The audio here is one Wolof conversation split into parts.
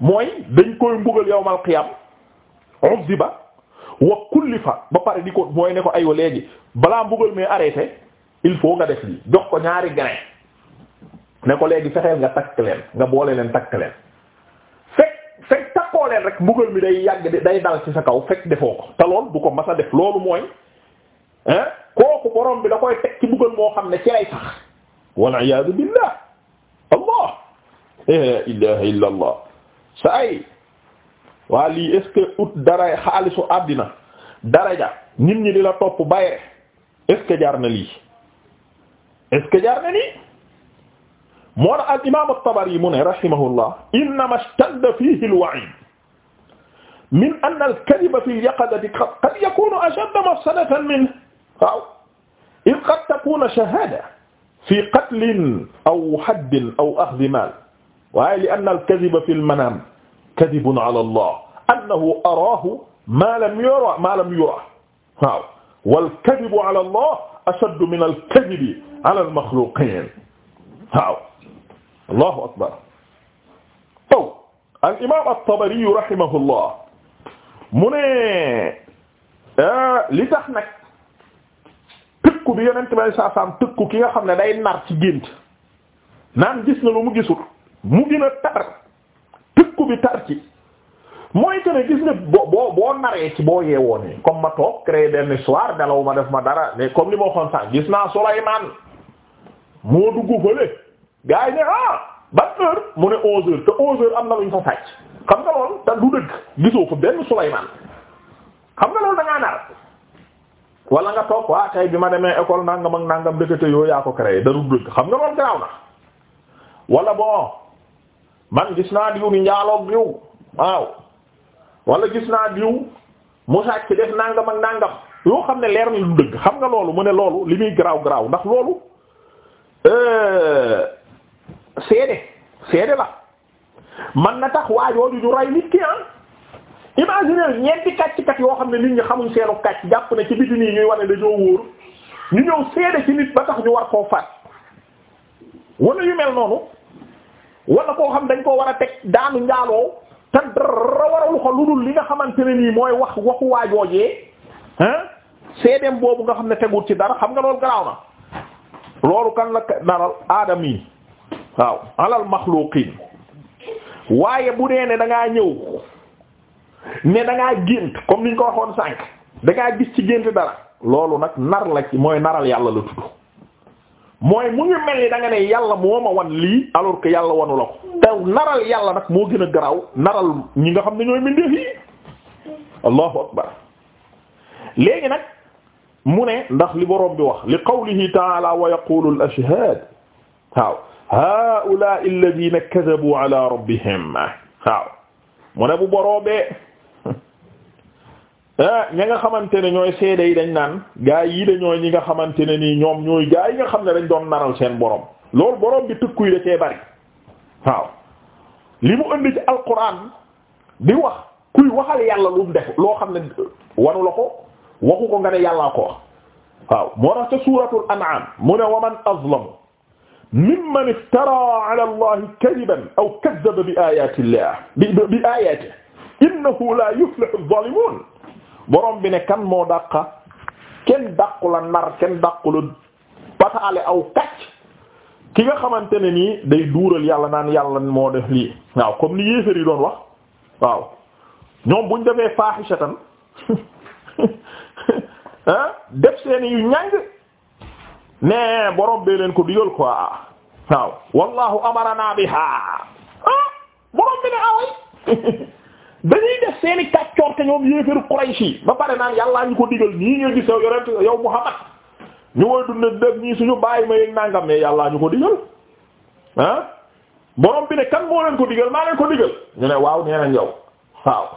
mooy dañ koy mbugal yawmal qiyam uzziba wa kullifa ba pare di ko mooy ne ko aywa léegi balaa mbugal mais arrêté il faut nga def lii jox ko ñaari grain ne ko léegi fexeel nga takk leen nga boole leen takk leen fekk fekk takkoo leen rek mbugal mi day yàgg di day dal ci sa kaw fekk defoo ko te lool du ko mas a def loolu mooy hein kooku borom bi da koy teg ci mbugal moo xam ne ci lay sax wal iyaadu billah allah la ilaha illa sa ay waa lii est-ce que ut dara xaalisu àddina daraja nit ñi di la topp bayre est-ce que jar na lii est-ce que jar na lii moo tax al imam at-Tabari mu ne rahimahullah innama ishtadda fihi al-wa'id min anna al-kadhiba fi al-yaqadati qad yakunu ashadda mafsadatan minhu waaw iz qad takunu shahada fi qatlin aw haddin aw akhdhi mal waaye li anna al-kadhiba fi al-manam kadhibun ala Allah annahu araahu ma lam yura ma lam yura waaw wal-kadhibu ala Allah ashaddu min al-kadhibi ala al-makhluqin waaw Allahu akbar taw al-imam at-Tabari rahimahullah mu ne ah, li tax nag tëkku bi yonent bi saa saam tëkku ki nga xam ne day nar ci gént naan gis na lu mu gisul mu gën a tar tëkku bi tar ci mooy que gis nga boo boo boo naree ci boo yeewoo nii comme ma toog créé benn soir dalaw ma def ma dara mais comme ni ma waxoon sax gis naa Souleymane moo dugg fële gars yi ne ah ban mu ne 11h te 11 am na lu ñu fa sàcc xam nga loolu te du dëgg gisoo ko benn Souleymane xam nga loolu da ngaa nar wala nga toog waa tay bi ma demee école nangam ak nanga dëkkate yoo yaa ko créé darul dëgg xam nga loolu garaaw na wala bon. man gis naa diw di njaaloog diw waaw wala gis naa diw mu sàcc def nangam ak nangam yoo xam ne leer na lu dëgg xam nga loolu mu ne loolu li muy garaaw garaaw ndax loolu euh, seede seede la man na tax waajooju du rey nit ki ah imaginer ñeenti kàcc-kàcc yoo xam ne nit ñi xamuñ seenu kàcc jàpp na ci biti nii ñuy wane dañoo wóor ñu ñëw seede ci nit ba tax ñu war koo faat wala yu mel noonu wala koo xam dañ koo war a teg daanu njaaloo te dara waralu ko lu dul li nga xamante ne nii mooy wax waxu waajoojee ah seedeem boobu nga xam ne tegul ci dara xam nga loolu garaaw na loolu kan la naral aadam yi waaw alal maxluuqiin waaye bu dee ne da ngaa ñëw ne dangaa ngaa gént comme ni ko waxoon sànq da ngaa gis ci gént dara loolu nag nar la ci mooy naral yàlla la tudd mooy mu ngi mel ni da nga ne yàlla moo ma wan lii alors que yàlla wanu la ko te naral yàlla nag moo gën a garaaw naral ñi nga xam ne ñooy mbindeef yi allahu akbar léegi nag mu ne ndax li boroom bi wax li qawlihi ta'ala wa yaqulu al ashhad waaw haa'ulaa'i alladhiina kadhabu ala rabbihim waaw mu ne bu boroobee Ah, ña nga xamante ne ñooy seede yi dañ naan gaa yii de ñooy ñi nga xamante ne nii ñoom ñooy gaa yi nga xam ne dañ doon naral seen borom lool borom bi tëkku yi da cee bari waaw li mu indi ci alquran di wax kuy waxal yàlla lu mu def loo xam na wanu la ko waxu ko nga ne yàllaa ko wax waaw moo tax ca suuratul an'am mu ne waman azlamu mimman iftara ala allahi aw kazzaba bi ayati llah la yuflihu adh-dhalimun boroom bi ne kan moo dàq kenn dàqu la nar kenn dàqu la bataale aw kacc ki nga xamante ne nii day duural yàlla naan yàlla moo def lii waaw comme ni yéefar yi doon wax waaw ñoom buñ defee faaxisatan def seeni yu ñàng ne bee leen ko digal quoi waaw wallahu amarana biha ah borom bi ne away dañuy def seeni kàccoor te ñoom yéeféru ba pare naan yàllaa ñu ko digal ñii nga gis yow yorent yow Muhammad ñu koy dund def ñii suñu baay ma yeeg nangam mais yàllaa ñu ko digal ah borom bi ne kan moo leen ko digal maa leen ko digal ñu ne waaw nee nañ yow waaw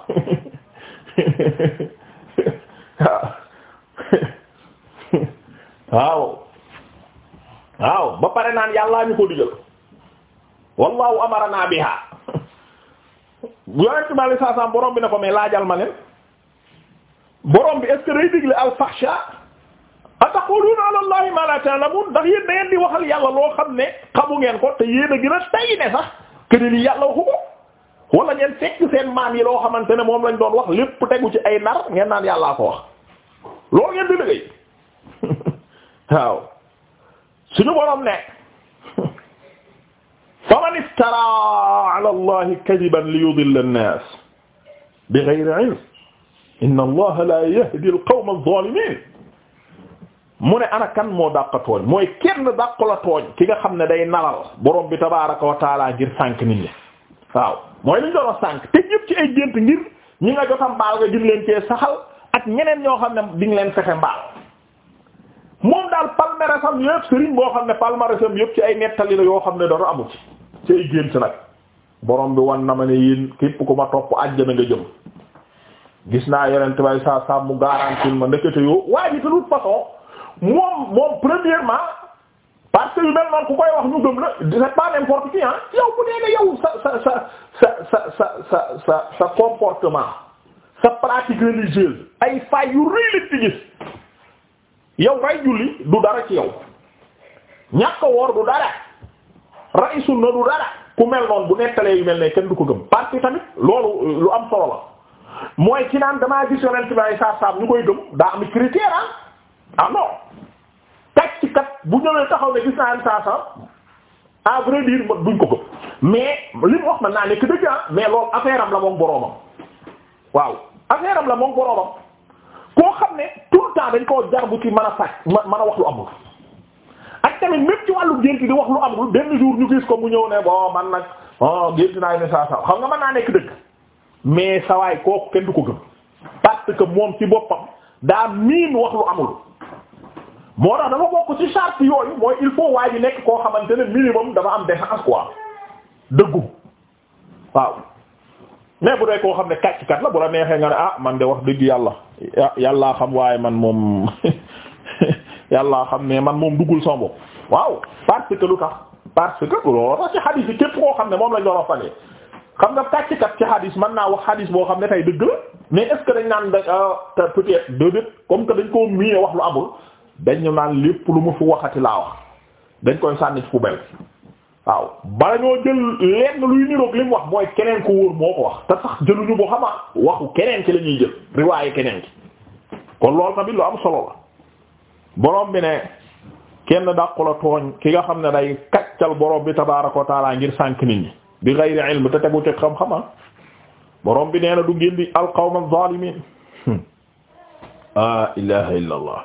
waaw waaw ba pare naan yàllaa ñu ko digal wallahu amarana biha yonent bi alei saa borom bi ne ko mais laajal ma leen borom bi est-ce digle alfahsha ataquluna ala allahi ma la ta'lamun ndax yéen da ngeen di waxal yàlla loo xam ne xamu ngeen ko te yéen a gën tay ne sax kene yàlla waxu ko wala ngeen fekk seen maam yi loo xamante ne moom lañ doon wax lépp tegu ci ay nar ngeen naan yàllaa ko wax loolu ngeen di liggéey waaw suñu borom ne faman iftara ala allahi kadiban li yudilla an-nas bighayri ilm inna allaha la yahdi al-qawma mu ne ana kan moo dàq tooñ mooy kenn dàq la tooñ ki nga xam ne day naral borom bi tabaraka wa taala ngir sànk nit ñi waaw mooy liñ doon a sànk te ñëpp ci ay gént ngir ñi nga jotam mbaal nga jëm leen cee saxal ak ñeneen yoo xam ne diñ leen fexe mbaal moom daal palmarèsam yëpp sëriñ boo xam ne palmarèsam yëpp ci ay nettali la yoo xam ne dara amu ci ci ay nag borom bi wan na ma ne yéen képp ku ma topp àjjana nga jëm gis naa yonent bay saa saa mu garantil ma ndekete yoo waaye de toute façon moom moom premièrement parce que yu mel noonu ku koy wax ñu gëm la c'est pas n'importe qui ah. bu dee ne yow sa sa sa sa sa sa sa sa comportement sa pratique religieuse ay failles yu rëy ci gis yow ngay julli du dara ci yow ñàkk a woor du dara. raïsul na du dara ku mel noonu bu nettalee yu mel ne kenn du ko gëm parce que tamit loolu euh, lu am solo la mooy ci naan damaa gis yonent bi ay saa saam ñu koy gëm daa am critère ah ah non tàcc kat bu ñëwee taxaw ne gis naa ne saa saam à vrai duñ ko gëm mais li mu wax man naa nekk dëgg ah mais loolu affaire am la moom boroomam waaw affaire am la moom boroomam koo xam ne tout le temps dañ koo jar bu ci mën a faj mën a wax lu amul. tamit même ci wàllu gént di wax lu amul benn jour ñu gis ko mu ñëw ne bon man nag oh gént naa ne saa saa xam nga mën naa nekk dëgg mais sawaay kooku kenn ko gëm parce que moom ci boppam daa miin wax lu amul. moo tax dafa bokk ci charte yooyu mooy il faut waa bi nekk koo xamante ne minimum dafa am décence quoi dëggu waaw mais bu dee koo xam ne kàccikat la bu la neexee nga ne ah man de wax dëgg yàlla yàllaa xam waaye man moom yàllaa xam ne man moom duggul sama bopp waaw parce que lu tax parce que looloo tax ci xadis yi képp koo xam ne moom lañ doon falee xam nga kàccikat ci xadis mën naa wax xadis boo xam ne tey dëgg la mais est dañ naan da euh, peut-être comme que dañ koo mié wax lu amul dañu naan lépp lu mu fi waxati laa wax dañ koy sànni ci poubelle waaw bala ñoo jël lenn luy niroog li mu wax mooy keneen ko wóor moo ko wax te sax jëluñu boo xama waxu keneen ki lañuy ñuy jël riwaaye keneen ki kon loolu tamit lu am solo la bi ne. kenn dàqula tooñ ki nga xam ne day kaccal borom bi tabaaraka wa taala ngir sànk nit ñi bi ghayri ilm te tegu ci xam-xama borom bi nee na du géndi alqawma adh-dhalimin la ilaha illa allah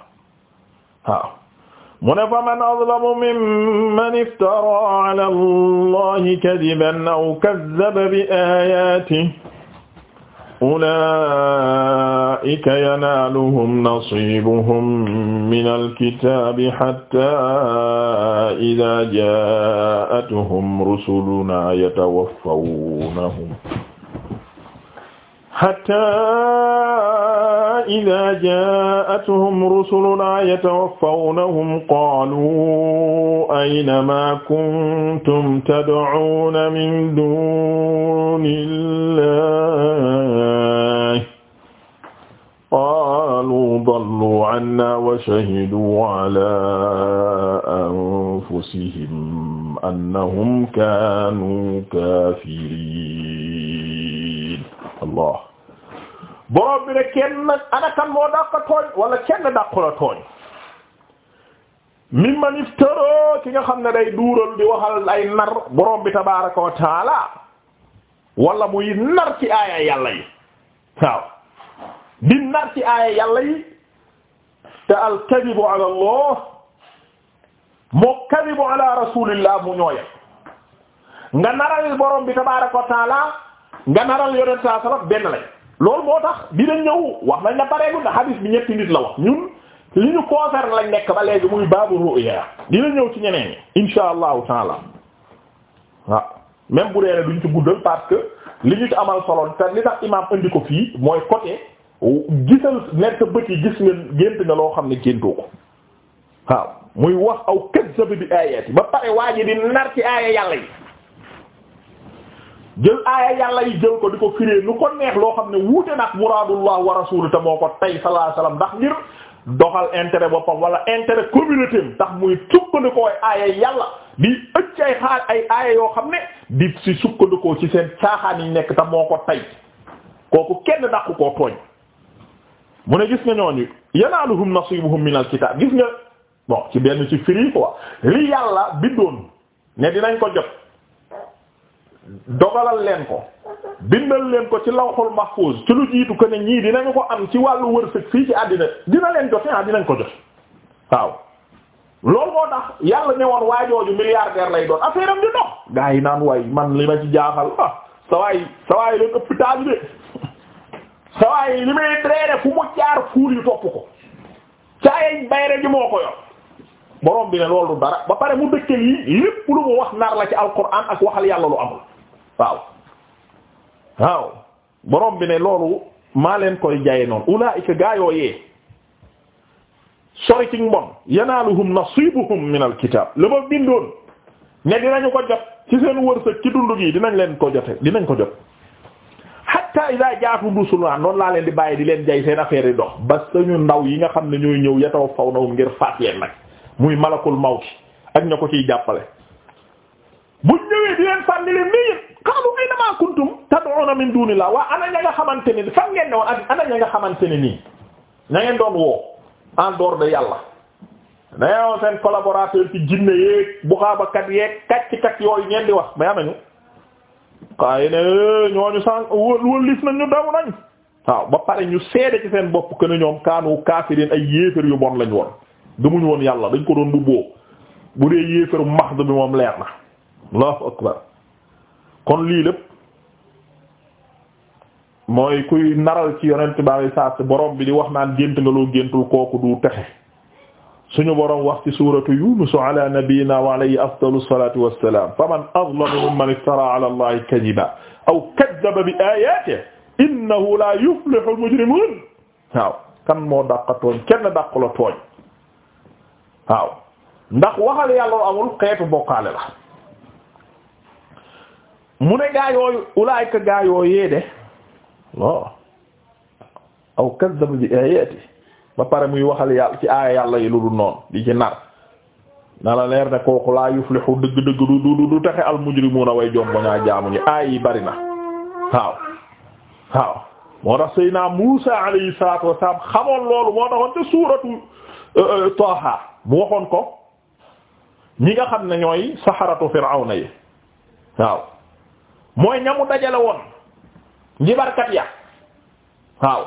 waaw mu ne fa man azlamu mimman iftara ala allahi kadiban aw kazzaba bi ayatihi أولئك ينالهم نصيبهم من الكتاب حتى إذا جاءتهم رسلنا يتوفونهم xataa idaa jaa'athum rusulunaa yatawaffawnahum qaaluu ayna maa kuntum tad'uuna min duunillaahi qaaluu dalluu cannaa wa shahiduu calaa anfusihim annahum kaanuu kaafiriin allah borom bi ne kenn ana kan moo dàqa tooñ wala kenn dàqula tooñ min man iftara ki nga xam ne day duural di waxal ay nar borom bi tabaaraka wa taala wala muy nar ci aaya yàlla yi waaw di nar ci aaya yàlla yi te al kadibu ala allah kadibu ala rasulillah mu ñooyal nga naral borom bi tabaaraka wa nga naral yonent saa sallam benn lañ loolu moo tax dinañ ñëw wax nañ la pareegu ndax hadis bi ñetti nit la wax ñun li ñu concerne lañ nekk ba léegi muy baabu ru'ya dina ñëw ci ñeneen ñi insha allahu taala waaw même bu dee duñ ci guddal parce que li ñu ci amal solo te li tax imaam indi ko fii mooy côté gisal nekk bët yi gis nga gént nga loo xam ne géntoo ko waaw muy wax aw kazzab bi ayati ba pare waa ji di nar ci aaya yàlla yi jël aaya yàlla yi jël ko di ko firee lu ko neex loo xam ne wuute nag muraadullah wa te moo ko tey sallallahu alayhi ndax ngir doxal intérêt boppam wala intérêt communauté am tax muy sukkandikoo aaya yàlla di ëcc ay xaal ay aaya yoo xam ne di si sukkandikoo ci seen saaxaan yi nekk te moo ko tey kooku kenn dàqu ko tooñ mu ne gis nga ñooñu yanaaluhum nasiibuhum minal kitaab gis nga bon ci benn ci firi quoi li yàlla bindoon ne dinañ ko jot dogalal leen ko bindal leen ko ci lawhul mahfuz ci lu jiitu ko ne ñii dinañu ko am ci wàllu wërsëg fii ci àddina dina leen jote ah dinañ ko jote waaw loolu moo tax yàlla ne woon waajooju milliardaire lay doon affaire am di dox gaa yi naan waay man li ma ci jaaxal ah sawaay sawaay leen ëpp taal de sawaay li may dreere fu mu jaar fuur yu topp ko caayañ bayre ji moo ko yor borom bi ne loolu dara ba pare mu dëkkal yi lépp lu mu wax nar la ci alquran ak waxal yàlla lu waaw waaw borom bi ne loolu maa leen koy jay noonu ulaa'ika gaayoo yee sori ci mbon yanaaluhum nasiibuhum min alkitaab la ma bindoon ne dinañu ko jot ci seen wërsëg ci dund gi dinañ leen ko jote dinañ ko jot hatta idaa jaatum rusulunaa noonu laa leen di bàyyi di leen jay seen affaire dox ba suñu ndaw yi nga xam ne ñooy ñëw yatawafawnahum ngir faat leen nag muy malakul mawti ak ña ko ciy jàppale bu ñëwee di leen sànni leen nii xaalu ay nama kuntum tad'una min dunillah waa ana ña nga xamante ne fan ngeen ne woon ak ana ña nga xamante ne nii ña ngeen doon woo en dehors de yàlla dañoo seen collaborateur ci jinne yeeg buxaabakat yeeg kàccikat yooyu ngeen di wax mais am nañu. kaay ne ñooñu sànq wëlif nañ ñu daw nañ waaw ba pare ñu seede ci seen bopp que ne ñoom kaanu kaafiriin ay yéefér yu bon lañ woon gëmuñu woon yàlla dañ ko doon bu boo bu dee yéeféru max bi leer na. allahu akbar kon lii lépp mooy kuy naral ci yonent bari saas borom bi di wax naan gént nga loo géntul kooku du texe suñu borom wax ci suuratu yunus ala nabiyyina wa alayhi afdalu salaatu wassalaam faman azlamu mimman iftara ala allahi kadiba aw kaddaba bi ayaatihi innahu la yuflihu al-mujrimuun waaw kan moo dàqa tooñ kenn dàq la tooñ waaw ndax waxal yàlla amul xeetu bokkaale la mu ne gaa yooyu ulaayka gaa yooyee de lo aw kazzab bi ayati ba pare muy waxal yàlla ci aaya yàlla yi lu dul noonu di ci nar na la leer ne kooku laa yuflihu dëgg-dëgg du du du taxe al mujrimuuna way jomboñaa jaamu ñi aay yi bari na waaw waaw moo tax Seydina Muusa alayhi salaatu wassalaam xamoon loolu moo taxoon te suuratu euh, euh, Taaha mu waxoon ko ñi nga xam ne ñooy saxaratu Firawna yi waaw mooy ñamu dajale woon njibarkat ya waaw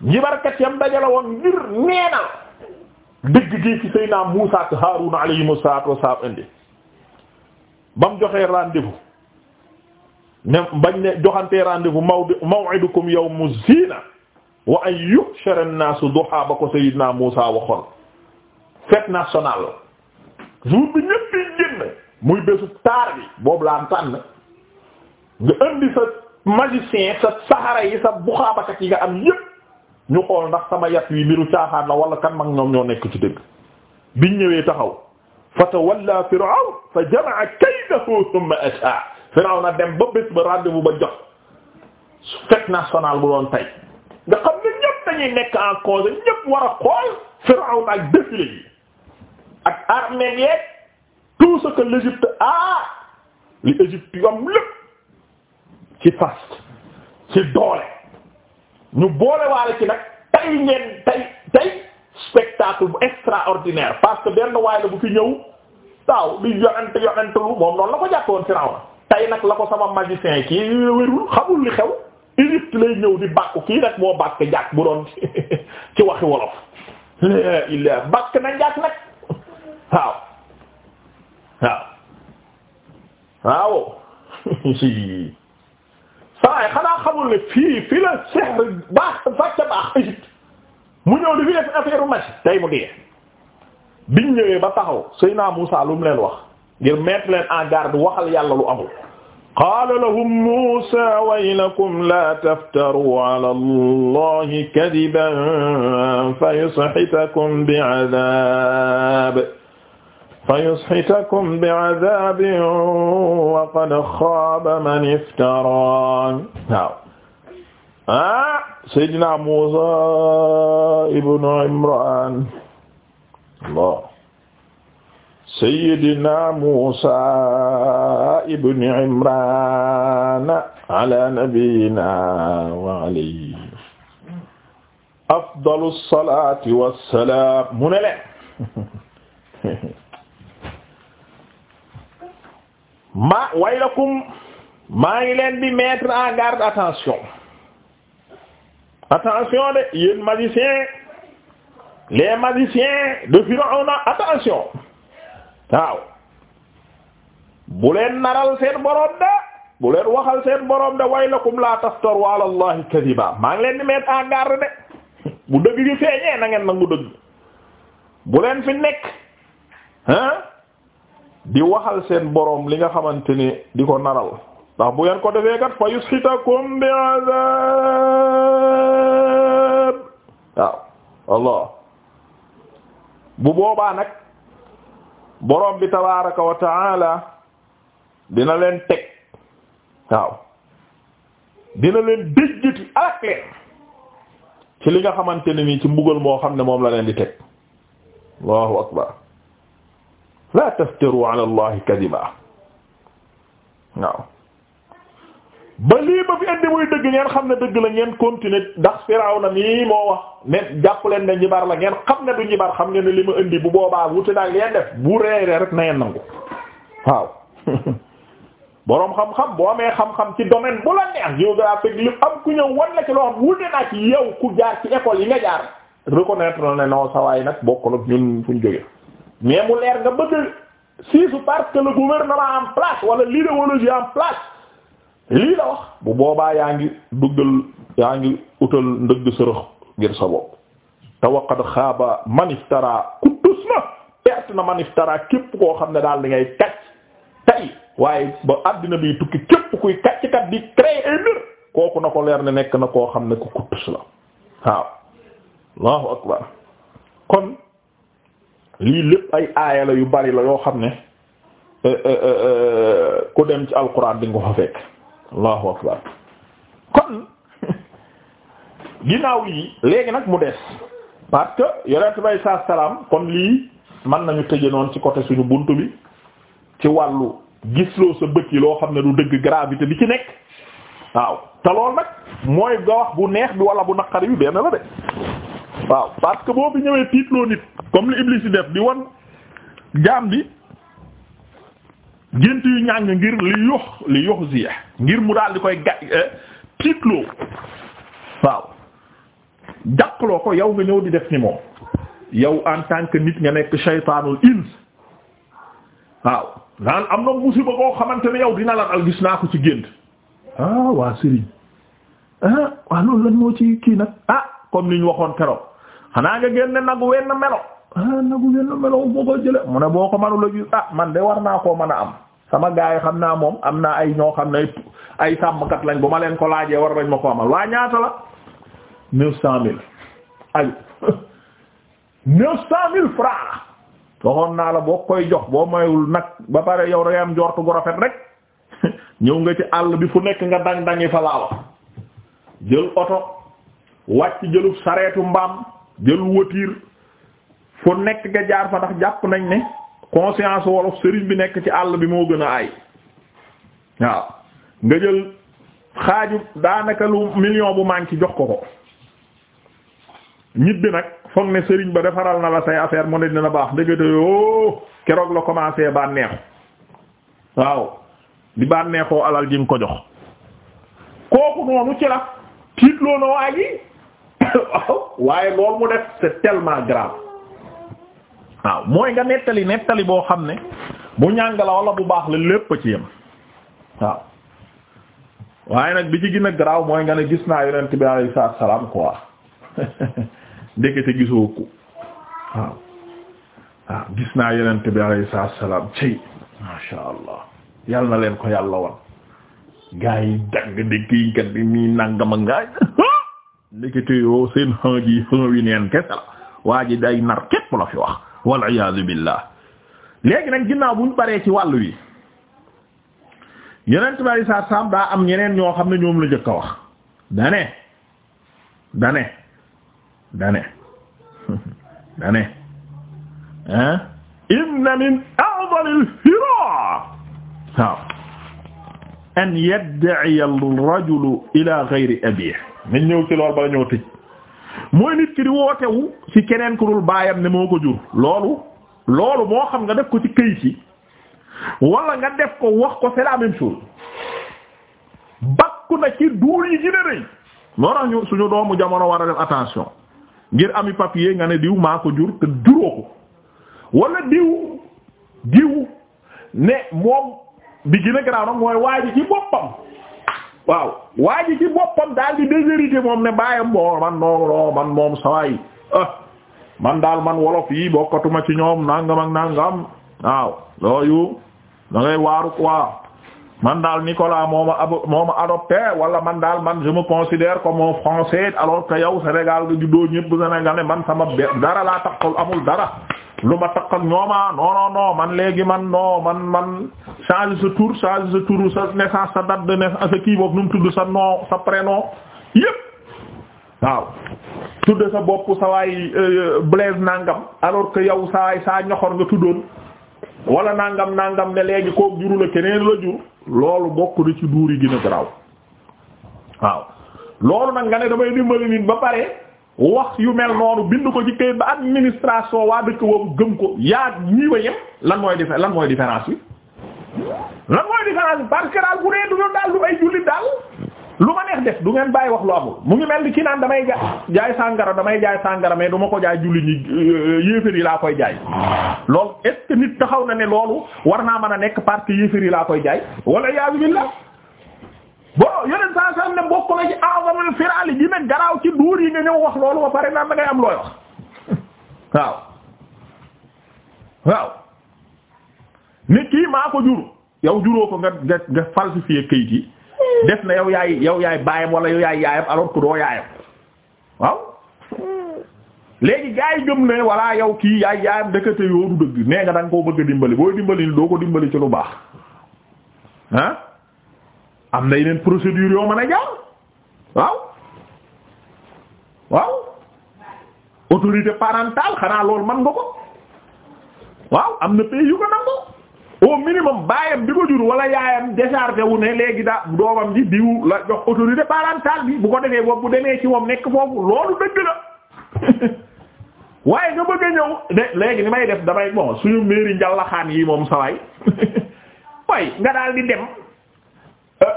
njibarkat yam dajale woon ngir neenal dëgg gi ci Seydina Muusaa ak Haaruun alayhimu salaatu wassalaam indi ba mu joxee rendez-vous ne bañ ne joxantee rendez-vous mawdi maw'idukum yawmu ziina wa an yuhshara an-naasu duhaa ba ko Seydina Muusaa waxoon fête nationale jour bi ñëpp di muy bésu taar bi boobu laa tànn nga indi sa magicien sa saxara yi sa buxaabakat yi nga am yépp ñu xool ndax sama yat yi mbiru caaxaan la wala kan mag ñoom ñoo nekk ci dëgg biñ ñëwee taxaw fa tawalla firawn fa jamaa kaydahu thumma ata firawn na dem ba bés ba rendez-vous ba jox fête nationale bu doon tey nga xam ne ñëpp dañuy nekk en cause ñëpp war a xool firawn ak défilé yi ak armée tout ce que l'Égypte a li Égypte yu am ci fas ci doole ñu boole waale ci nag tey ngeen tey tey spectacle bu extraordinaire parce que benn waay la bu fi ñëw taaw di yonent yonent lu moom noonu la ko jàppoon Firawna tey nag la ko sama magicien kii wérul xamul li xew Égypte lay ñëw di bàkku kii nag moo bàkk jàkk bu doon ci waxi wolof la illa bàkk na jàkk nag waaw waaw waaw sawaay xanaa xamul ne fii fi la sehr baax facca baax Égypte mu ñëw di fi def affaire match tey mu dee biñ ñëwee ba taxaw Seydina Muusaa lu mu leen wax ngir mettre leen en garde waxal yàlla lu amul qaala lahum Muusaa waylakum laa taftaruu ala Allahi kadiban fa yusxitakum bi'adaab fa yusxitakum bi'adaabin wa qad xaaba man iftaraa waaw ah Seydina Muusaa ibnu Imraan Allah Seydina Muusaa ibnu Imraan alaa nabiyyinaa wa alayhi afdalu salaati wa salaam mu ne leen ma waylakum maa ngi leen di mettre en garde attention attention de yéen magiciens les magiciens de Firawna attention waaw bu leen naral seen borom de bu leen waxal seen borom de waylakum la taftaru ala allahi kadiba maa ngi leen di mettre en garde de bu dëgg gi feeñee na ngeen nangu bu leen fi nekk hein di waxal seen boroom li nga xamante ni di ko naral ndax bu ngeen ko defee kat fa yusxitakum bi azab waaw Allah bu boobaa nag boroom bi tabaraka wa dina leen teg waaw dina leen déjjiti alak leen ci li nga xamante ne nii ci mbugal moo xam ne moom la leen di teg Allahu akbar laa taftaru ala allahi kadiba waaw ba lii ba fi indi muy dëgg ngeen xam ne dëgg la ngeen continuer ndax na mii moo wax ne jàpp leen ne njibar la ngeen xam ne du njibar xam ngeen ne li ma indi bu boobaa wuti naa ngeen def bu reere rek na ngeen nangu waaw boroom xam-xam boo amee xam-xam ci domaine bu la neex géographique li am ku ñëw wan la ci loo xam wute naa yow ku jaar ci école yi nga jaar reconnaître ne non sa nag bokk ak ñun fuñ jógee mais mu leer nga bëgg siisu parce que le gouvernement en place wala l'idéologie en place lii la wax bu boobaa yaa ngi duggal yaa ngi utal ndëgg sërëx ngir sa bopp te waqad xaaba maniftara ku tus na perte na maniftara képp koo xam ne daal di ngay kacc tay waaye ba àddina bi tukki képp kuy kacc kat di créer ay mbir kooku na ko leer ne nekk na koo xam ne ku kuttus la waaw allahu akbar kon lii lépp ay aaya la yu bari la yoo xam ne euh, euh, euh, ku dem ci alquran di nga ko fa fekk allahu akbar kon ginnaaw lii léegi nag mu des parce que yonent bay saa salaam kon lii mën nañu tëje noonu ci côté suñu bunt bi ci wàllu gisloo sa bët yi loo xam ne du dëgg gravité bi ci nekk waaw te loolu nag mooy nga wax bu neex bi wala bu naqari bi benn la de waaw parce que boo fi ñëwee tiitloo nit comme li Iblis def di wan jaam bi gént yu ñàng ngir li yox li yox ziye ngir mu daal di koy ga eh, tiitloo waaw jàqloo ko yow nga ñëw di def ni moom yow en tant nit nga nekk shaytaanul ins waaw naan am na musiba koo xamante ne yow dina la dal gis naa ko ci gént ah waa Serigne ah, waa loolu lan moo ci kii nag ah comme ni waxoon keroog xanaa nga génne nagu wenn melo ah, nagu wenn melo boo ko jële mu ne boo ko mënula gis ah man de war naa koo mën a am sama gaay xam naa moom am naa ay ñoo xam ne ay sàmmkat lañ bu ma leen ko laajee war nañ ma ko amal waa ñaata la neuf cent mille ay neuf cent mille francs naa la boo koy jox boo mayul nag ba pare yow dangay am njort gu rafet rek ñëw nga ci àll bi fu nekk nga dang dangi fa laa jël oto wàcc jëlub sareetu mbaam jël watiir fu nekk nga jaar fa ndax jàpp nañ ne conscience wolof sëriñ bi nekk ci àll bi moo gën a ay waaw nga jël xaaju daanaka lu million bu manque jox ko ko ñibbi nag foog ne sëriñ ba defaral na la say affaire mu ne dina baax ndekete yoo keroog la commencé bànneexu waaw di bànneexoo alal ji nga ko jox kooku noonu ci la tiitloo na waa ji waaye loolu mu def c'est tellement grave waaw mooy nga nettali nettali boo xam ne bu ñàng la wala bu baax la lépp ci yem waaw waaye nag bi ci gën a mooy nga ne gis naa yonent bi alayhi salaatu salaam quoi ndekete gisoo ko waaw waaw gis naa yonent bi alayhi salaatu salaam ci masha Allah yal na leen ko yàlla wan gaa yi dagg ndekki kat bi mii nangam ak ngaa ndekete yoo seen xën gi xën wi neen ji day nar la fi wax wal iyaazu billah léegi nag ginnaaw buñ ci wàll wi yeneen tubaab yi saa saam daa am ñeneen ñoo xam ne ñoom la njëkk a wax dane dane dane dane ah min a'zami al-firaa an yadda'iya ar-rajulu ila ghayri abiihi nañ ñëw ci loolu bala ñoo tëj mooy nit ki di wootewu ci keneen ku dul baayam ne moo ko jur loolu loolu moo xam nga def ko ci këyit yi wala nga def ko wax ko c'est la même chose bakku na ci duur yi gën a moo tax ñu suñu doomu jamono war a def attention ngir ami papier nga ne diw maa ko jur te juróo ko wala diw diw ne moom bi gën a mooy waa ji ci boppam waaw waa ji ci boppam daal di déshérité moom ne bàyyam bo man noonu man moom sawaay ah man daal man wolof yi bokkatuma ci ñoom nangam ak nangam waaw looyu da waaru quoi man daal Nicolas moo ma moo ma wala man daal man je me considère comme un français alors que yow Sénégal nga juddoo ñëpp Sénégalais man sama dara laa taxul amul dara lu ma takk ak ñooma ah, non non non man léegi man non man man change sa tour change sa tour sa naissance sa date de naissance sa kii boobu nu mu tudd sa nom sa prénom yépp waaw tudd sa bopp sa waay euh, Blaise nangam alors que yow sa saa ñoxor nga tuddoon wala nangam nangam ne léegi koo juru a keneen la loolu bokk na ci buur yi gën a garaaw waaw loolu nag ne damay dimbali nit ba pare. wax yu mel noonu bind ko ci kayit ba administration waa dëkk boobu gëm ko yaa ñii wa yem lan mooy dif lan mooy différence bi lan mooy différence bi parce daal bu dee duñu daal lu ay jullit daal lu ma neex def du ngeen bàyyi wax lu amul mu ngi mel ni kii naan damay jaay sàngara damay jaay sàngara mais du ma ko jaay julli ñi euh, yéefér yi laa koy jaay loolu est nit taxaw na ne loolu war naa mën a nekk parce que yi laa koy jaay wala yaa billah bo yeneen saa saa ne bokk na ci a'zamul firaal yi ne garaaw ci duur yi nga ñëw wax loolu ba pare naan da ngay am looy wax waaw waaw nit kii maa ko jur yow juróo ko nga nga nga falsifié yi hmm. def na yow yaay yow yaay baayam wala yow yaay yaayam alors que doo yaayam waaw hmm. léegi gaa yi gëm ne walla yow kii yaay yaayam dëkkate yoo du dëgg nee nga da koo bëgg dimbali booy dimbali ni doo ko dimbali ci lu baax ah am na yeneen procédure yoo man a jaar waaw waaw autorité parentale xanaa lool man nga ko waaw am na pays yu ko nangu au minimum baayam bi ko jur wala yaayam déchargé wu ne léegi daa doomam ji diw la jox autorité parentale bi bu ko defee boobu bu demee ci moom nekk foofu loolu dëgg la waaye nga bëgg a ñëw de léegi ni may def damay bon suñu mairie njallaxaan yi moom sawaay way nga daal di dem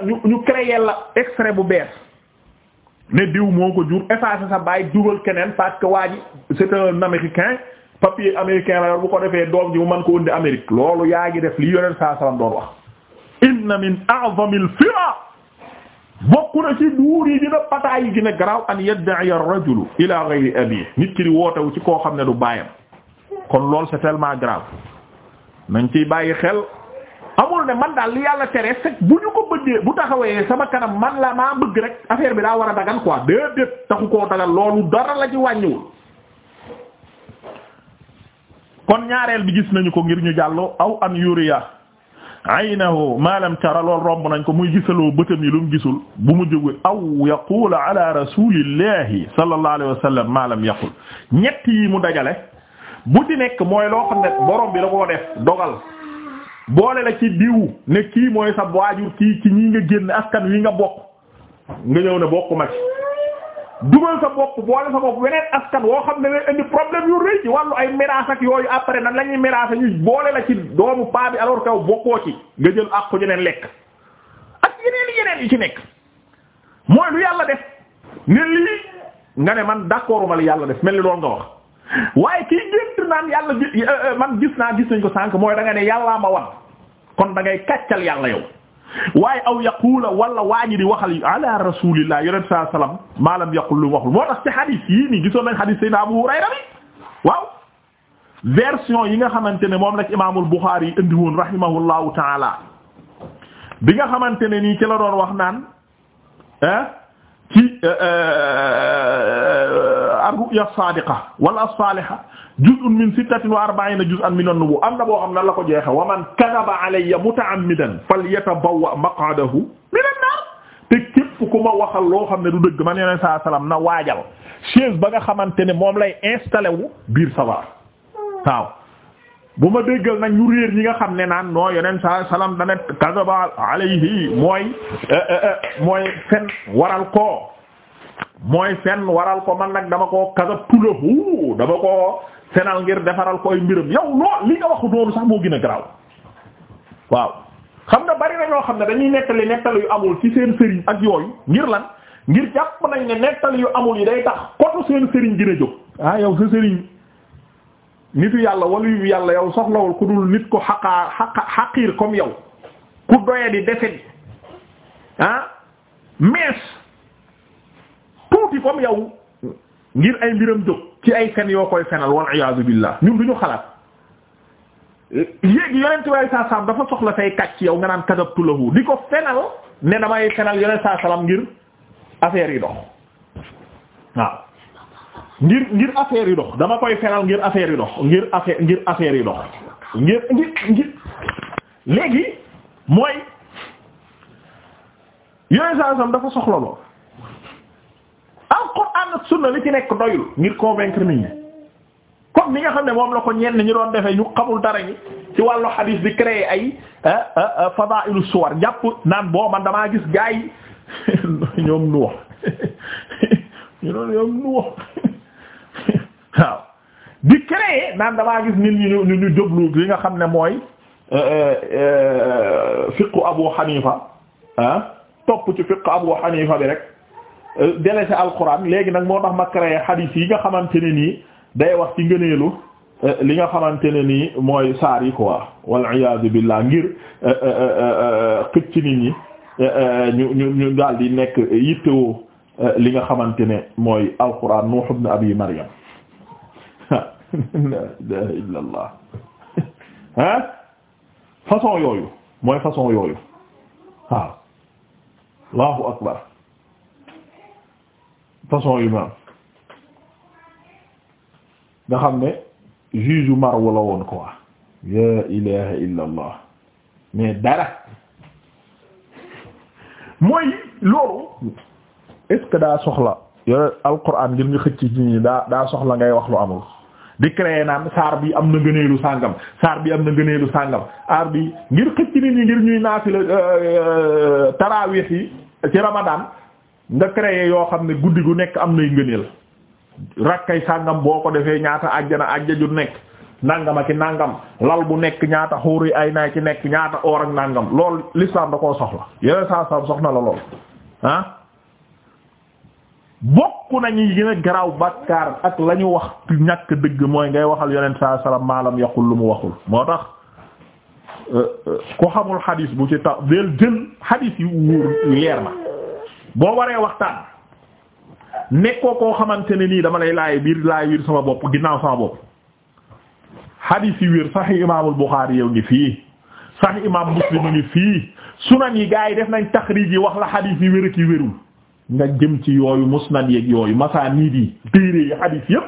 ñu ñu créer la extrait bu bees ne diw moo ko jur effacer sa baay dugal keneen parce que waa ji c'est un papier américain la bu ko defee doom ji mu mën ko indi Amérique loolu yaa ngi def li yoneen saa salaam doon wax inna min a'zamil fira bokk na ci duur yi dina pataay yi gën a garaaw an yadda'i ar-rajulu ila ghayri abihi nit ki di wootewu ci koo xam ne du baayam kon loolu c'est tellement grave nañ ciy bàyyi xel amul ne man daal li yàlla tere fekk bu ñu ko bëggee bu taxawee sama kanam man la maa bëgg rek affaire bi daa war a dagan quoi déedéet taxu koo dagan loolu dara la ci wàññiwul. kon ñaareel bi gis nañu ko ngir ñu jàllo aw an yuriya aynahu ma lam tara lool romb nañ ko muy gisaloo bëtam yi lu mu gisul bu mu jógu aw yaqul ala rasulillahi sallallahu alayhi wa sallam ma lam yaqul ñett yi mu dajale bu di nekk mooy loo xam ne borom bi la koo def dogal boole la ci diw ne kii mooy sa waajur kii ci ñi nga génn askan wi nga bokk nga ñëw ne bokk ma ci dugal sa bopp boole sa bopp weneen askan woo xam ne leen indi problème yu rëy ci wàllu ay miraas ak yooyu après nan la ñuy miraas ñu boole la ci doomu paa bi alors kaw bokkoo ci nga jël àqu yeneen lekk ak yeneen yeneen yi ci nekk mooy lu yàlla def ne lii nga ne man d'accorduma li yàlla def mel ni loolu nga wax waaye kii gént naan yàlla eh, eh, man gis naa gis nañ ko sànk mooy da nga ma wan kon da ngay kàccal yow waaye aw yaqula wala waa ji di waxal ala rasulillah yonent saa salaam maa lam yaqul lu waxul moo tax ci hadith yii nii gisoon nañ hadith Seydina Abu Hurayra bi waaw version yi nga xamante ne moom la ci imaamul Bukhari yi indi woon rahimahullahu taala bi nga xamante ne nii ci doon wax naan ah ar-ru'ya as-sadiqa wala as-saliha juz'un min sittatin wa arba'ina juz'an min an-nubuwwa am na boo xam ne la ko jeexe wa man kadhaba alayya muta'ammidan falyatabawwa maq'adahu min an-nar te képp ku ma waxal loo xam ne du dëgg man yeneen saa salaam na waajal chaise ba nga xamante ne moom lay installé wu biir sabar waaw bu ma déggal nag ñu réer ñi nga xam ne naan noo yeneen saa salaam dana kadhaba alayhi mooy euh, euh, euh, mooy fen waral ko mooy fen waral ko man nag dama koo kasabtu lahu dama ko fenal ngir defaral koy mbiram yow lool li nga waxu noonu sax moo gën a garaaw waaw xam nga bari na ñoo xam ne dañuy nettali nettali yu amul ci seen sëriñ ak yooyu ngir lan ngir jàpp nañ ne nettali yu amul yi day tax kotu seen sëriñ gën a jóg ah yow sa sëriñ nitu yàlla wala yu yàlla yow soxlawul ku dul nit ko xaqaa xaqa comme yow ku doye di ah mees wuti comme yow ngir ay mbiram jóg ci ay fen yoo koy fenal wal iyaadu billah ñun duñu xalaat yéegi yonent way saa saam dafa soxla say kàcc yow nga naan kadabtu lahu di ko fenal ne damay fenal yonent saa salam ngir affaire yi dox waaw ngir ngir affaire yi dox dama koy fenal ngir affaire yi dox ngir affaire ngir affaire yi dox ngir léegi mooy yonent saa saam dafa soxla lool alquran ak sunna li ci nekk doyul ngir convaincre nit ñi comme ni nga xam ne moom la ko ñenn ñu doon defee ñu xamul dara ñi ci wàllu hadith di créer ay eh, eh, eh, fadailu suwar jàpp naan boo man damaa gis gaay yi ñoom nu wax ñu doon ñoom nu wax waaw di créer naan damaa gis nit ñu ñu jublu li nga xam ne mooy fiqu Abu Hanifa ah, topp ci fiqu Abu Hanifa bi rek. délaissé alquran léegi nag moo tax ma créé hadith yi nga xamante ne nii day wax ci ngëneelu euh, li nga xamante ne nii mooy saar yi quoi wal bi billah ngir euh, euh, xëcc nit ñi ñu ñu ñu daal di nekk yittewoo li nga xamante ne mooy alquran Nuh ibn Abi Maryam la ilaha yooyu mooy façon yooyu waaw façon humain nga xam ne juge yu mar wala woon quoi ya ilaha illa mais dara mooy loolu est daa soxla yore alquran ngir nga xëcc ci ñi daa daa soxla ngay wax lu amul di créer naan saar bi am na ngëneelu sàngam saar bi am na ngëneelu sàngam aar bi ngir xëcc nit ñi ngir ñuy naafila euh, euh, taraawix yi ci ramadan nga créer yoo xam ne guddi gu nekk am nay ngëneel rakkay sàngam boo ko defee ñaata àjjana àjja ju nekk nangama ki nangam lal bu nekk ñaata xuuri ay naa ci nekk ñaata oor ak nangam lool l'islam da koo soxla yeneen saa saa soxna la lool ah bokk nañu gën a garaaw bàkkaar ak la ñu wax ñàkk dëgg mooy ngay waxal yeneen saa maalam yaqul lu mu waxul moo tax euh, euh, ku xamul xadiis bu ci tax del jël xadiis yu wóor leer na boo waree waxtaan nekkoo koo xamante ni nii dama lay laay biir laay biir sama bopp ginnaaw sama bopp hadith yi wér sahih imaamul Bukhari yow ngi fii sahih imaam Muslim ngi fii sunan yi gaa yi def nañ taxriij yi wax la hadith yi wér ki wérul nga jëm ci yooyu musnad yeeg yooyu masaanid yi téere yi hadith yépp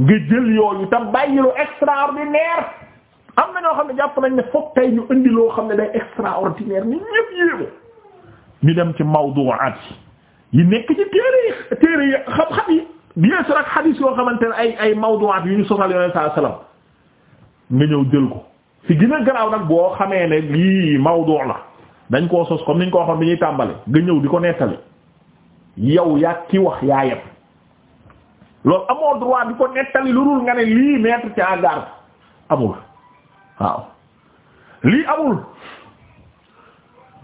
nga jël yooyu tam bàyyi lu extraordinaire am na ñoo xam ne jàpp nañ ne fokk tey ñu indi loo xam ne day extraordinaire ni ñépp yéego ñu dem ci mawduwaat yi nekk ci téere yi téere yi xam-xam yi bien sûr xadiis yoo xamante ne ay ay mawduwaat yu ñu sosal yoneen saa salaam nga ñëw jël ko ci gën garaaw nag boo xamee ne lii mawdu la dañ koo sos comme niñ ko waxoon bi ñuy tàmbale nga ñëw di ko nettali yow yaa ki wax yaa yem loolu amoo droit di ko nettali lu dul nga ne lii mettre ci en garde amul waaw lii amul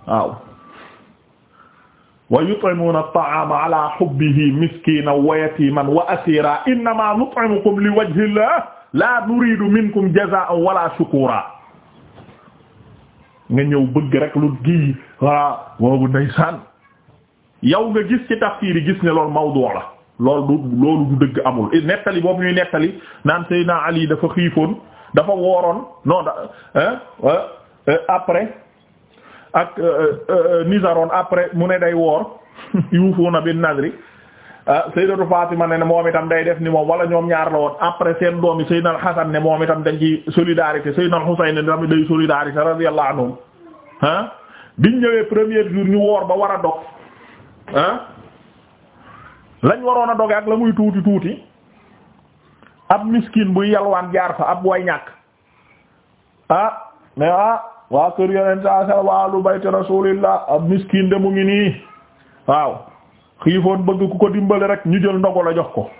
waaw wa yut'imuuna at-ta'aama 'alaa hubbihi miskiinan wa yatiiman wa asiira innamaa nut'imukum li wajhi llaah laa nuriidu minkum jazaa'an walaa shukuuraa nga ñëw bëgg rek lu gi waa woobu ndeysaan yow nga gis ci tafsiir yi gis ne loolu mawdu' la loolu du loolu du dëgg amul eh, nettali boobu ñuy nettali naan Seydina Ali dafa xiifoon dafa wooroon non euh, euh, après. ak euh, euh, euh, nizaron après mu ne day woor yuufuuna bin nazri sayyidatu Fatima ne moom itam day def ni moom wala ñoom ñaar la woon après seen doom yi sayyidina al-Hasan ne moom itam dañ ci solidarité sayyidina al-Husayn ne tamit day solidarité radiyallahu anhum ah biñ ñëwee première jour ñu woor ba war a dog ah lañ waroon a doge ak la muy tuuti tuuti ab miskin buy yalwaan jaar fa ab way ñàkk ah mais ah, waa kër yeneen saa sa waa lu bayti rasulillah ab miskin de mu ngi nii waaw xiifoon bëgg ku ko dimbale rek ñu jël ndogo la jox ko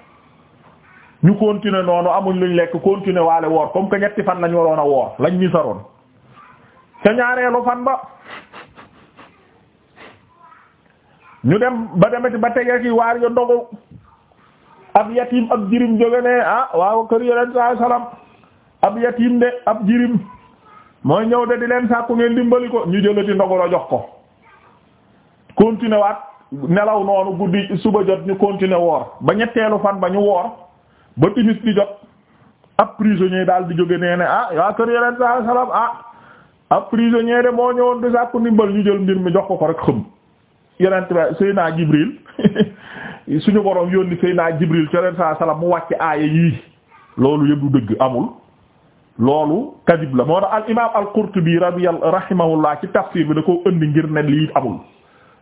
ñu continuer noonu amuñ luñ lekk continuer waale woor comme que ñetti fan lañ waroon a woor lañ misaroon ca ñaareelu fan ba ñu dem ba demati ba tegee ki waar yo ndogu ab yatim ab jirim jóge ne ah waaw kër yeneen saa salaam ab yatim de ab jirim mooy ñëw de di leen sàkku ngeen dimbali ko ñu jëlati ndogoro jox ko continuer waat nelaw noonu guddi suba jot ñu continuer woor ba ñetteelu fan ba ñu woor ba timis di jot ab prisonnier daal di jóge nee ne ah waa kër yeneen saa salaam ah ab prisonnier de moo ñëwoon di sàkku ndimbal ñu jël mbir mi jox ko ko rek xëm yeneen naa Jibril suñu borom yónni naa Jibril ci yeneen saa salaam mu wàcc aaya yii loolu yëpp du dëgg amul loolu kadib la moo tax al imaam al qurtubi rabiyal rahimahullah ci tafsir bi da ko ëndi ngir ne lii amul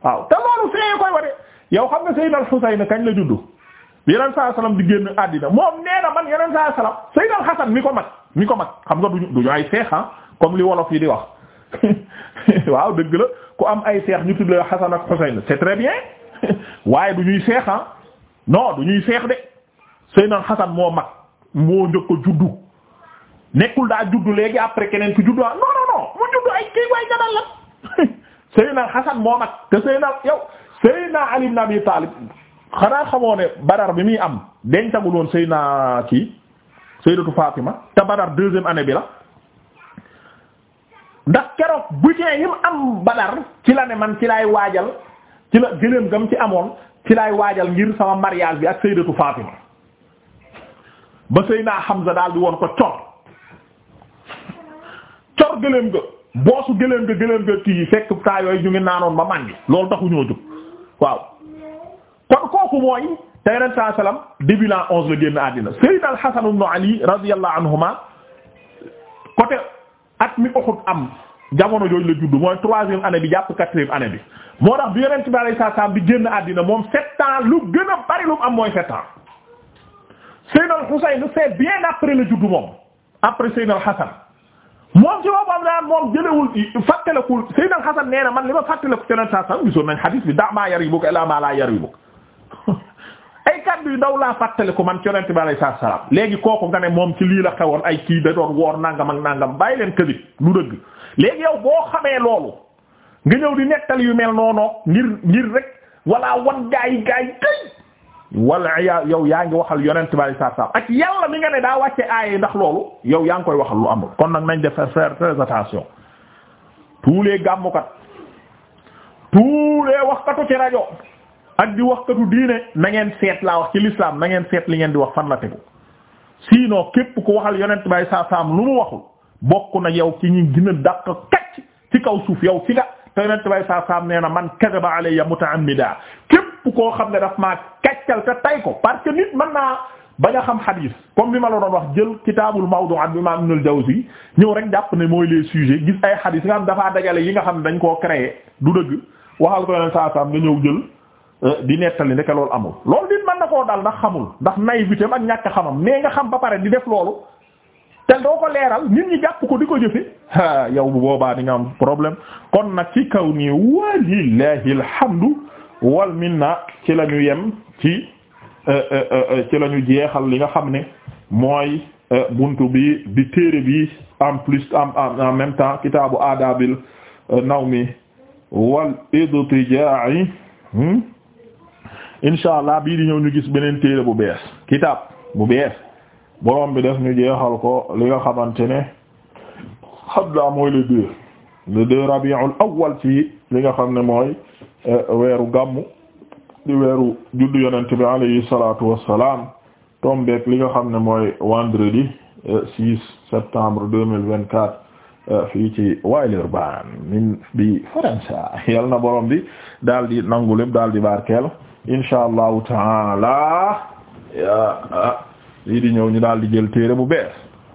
waaw te loolu fee koy ware yow xam nga Seydina al Xuseyn kañ la juddu yeneen saa salaam di génn àddina moom nee na man yeneen saa salaam Seydina al Xasan mi ko mag mi ko mag xam nga duñu duñu ay seex ah, comme li wolof yi di wax waaw dëgg la ku am ay seex ñu tudd la Xasan ak Xuseyn c'est très bien waaye du ñuy seex ah non du ñuy seex de Seydina al moo mag a nekkul daa juddu léegi après keneen ku juddu ah non non non mu juddu ay kii waay ñanal la Seydina Hasan moom ak te Seydina yow Seydina Ali ibn Abi Talib xanaa xamoo ne Badar bi muy am dencagul woon Seydina kii Sayyidatu Fatima te Badar deuxième année bi la ndax keroog butin yi mu am Badar ci la ne man ci laay waajal ci la gëléem gam ci amoon ci lay waajal ngir sama mariage bi ak Sayyidatu Fatima ba Seydina Hamza daal bi woon ko cor cor gëléem ga boosu gëléem ga gëléem ga kii fekk taa yooyu ñu ngi naanoon ba màndi loolu taxu ñoo jóg waaw kon kooku mooy te yonent saa salaam début l'an onze la génn àddina Seydina al-Hasan ibn Ali radiyallahu anhuma côté at mi Uhud am jamono jooju la juddu mooy troisième année bi jàpp quatrième année bi moo tax bi yonent bi alayhi salaam bi génn àddina moom sept lu gën a bari lu mu am mooy sept ans Seydina al-Husayn c'est après la juddu moom après moom ci boppam daan moom jëlewul fàttalekul Seydina Hasan nee na man li ma fàttaleku keneen saa sax gisoon nañ xadiis bi daa maa yaribuka ilaa maa laa yaribuka ay kàddu yu daw laa fàttaliku man yonent bi alayhi salaatu salaam léegi kooku nga ne moom ci lii la xewoon ay kii da doon woor nangam ak nangam bàyyi leen këdib lu dëgg léegi yow boo xamee loolu nga ñëw di nettal yu mel noonu ngir ngir rek walla wan gaay gaay tey wala yow yaa ngi waxal yonent bari saa saa ak yàlla mi nga ne daa wàcce aaye ndax loolu yow yaa ngi koy waxal lu amul kon nag nañ def faire très attention tous les gàmmukat tous waxkatu ci rajo ak di waxkatu diine na ngeen seet laa wax ci l'islam na ngeen seet li ngeen di wax fan la tegu sinon képp ku waxal yonent bari saa saa lu mu waxul bokk na yow ci ñi gën a dàq kacc ci kaw suuf yow fi nga. te yonent bay saa saam nee na man kadaba alayya muta'ammida képp koo xam ne daf maa kaccal te tay ko parce que nit mën naa bañ a xam xadiis comme bi ma la doon wax jël kitaabul at bi ma jaw Jawzi ñëw rek jàpp ne mooy les sujets gis ay xadiis nga xam dafaa dajale yi nga xam ne dañ koo créé du dëgg waxal ko yonent saa saam nga ñëw jël euh, di nettali ndeke loolu amul loolu nit mën na koo dal ndax xamul ndax nay bi naïveté ak ñàkk xamam mais nga xam ba pare di def loolu te doo leeral nit ñi jàpp ko di ko jëfe yow bu boobaa di nga am problème kon nag ci kaw nii walillahi alhamdu wal minna ci la ñu yem ci euh, euh, euh, ci lañu ñu jeexal li nga xam ne mooy bunt bi di téere bi en plus en même temps kitaabu aadaabil mi wal idtijaa'i hmm? insha allah bii di ñëw ñu gis beneen téere bu bees kitaab bu bees borom bi def ñu jeexal ko li nga xamante ne habla mooy le deux le deux awwal ci li nga xam ne mooy euh, weeru gàmmu di weeru juddu yonent bi alayhi salatu wassalam tombeek li nga xam ne mooy vendredi 6 euh, septembre 2024 euh, fii ci Villeurbanne min bi Faransa yal na borom bi daal di nangu lépp daal di barkeel insha allahu taala ah, lii di ñëw ñu daal di jël téere bu bees